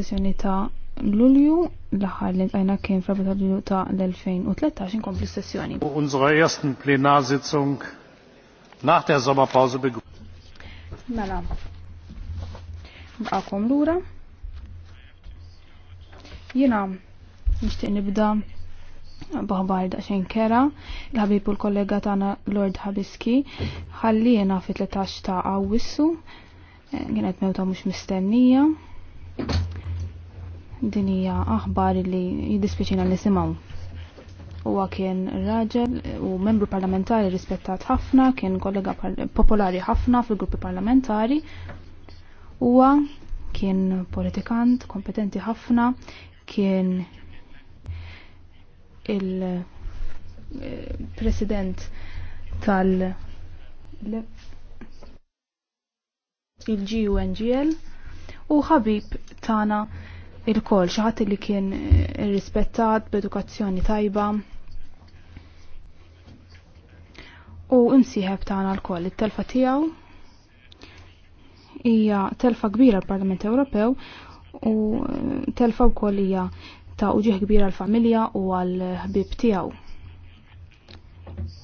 sessjoni ta' l-Ulju l ħar li għajna kien fl l-Ulju ta' l-2013 inkomplu sessjoni. Unsere ersten Plenarsitzung nach der Sommerpause begrüßen. Mela. l-ura. Jena, nishtiq nibda baħbar daċen kera l-ħabib u l-kollega tagħna Lord Habiski ħalli jena fi 13 ta' għawissu, għenet eh, mewta mux mistennija din hija aħbar li jiddispjaċina li simaw. Huwa kien raġel u membru parlamentari rispettat ħafna, kien kollega popolari ħafna fil-gruppi parlamentari. Huwa kien politikant, kompetenti ħafna, kien il-president eh, tal- il-GUNGL u ħabib tana il-kol xaħat li kien eh, rispettat b'edukazzjoni tajba u imsieħeb tagħna l-kol it-telfa tiegħu hija telfa kbira l-Parlament Ewropew u eh, telfa wkoll hija ta' uġieħ kbira l-familja u għal-ħbib tiegħu.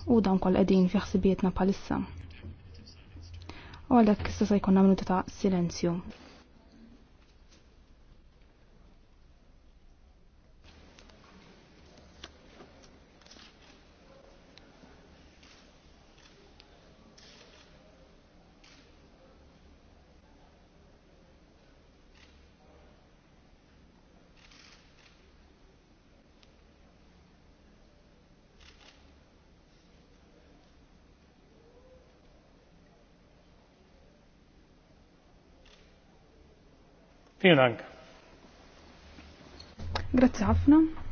U dan kol qegħdin fi ħsibietna bħalissa. U għalhekk issa se jkun minuta ta' silenzju. Vielen Dank. Grazie ħafna.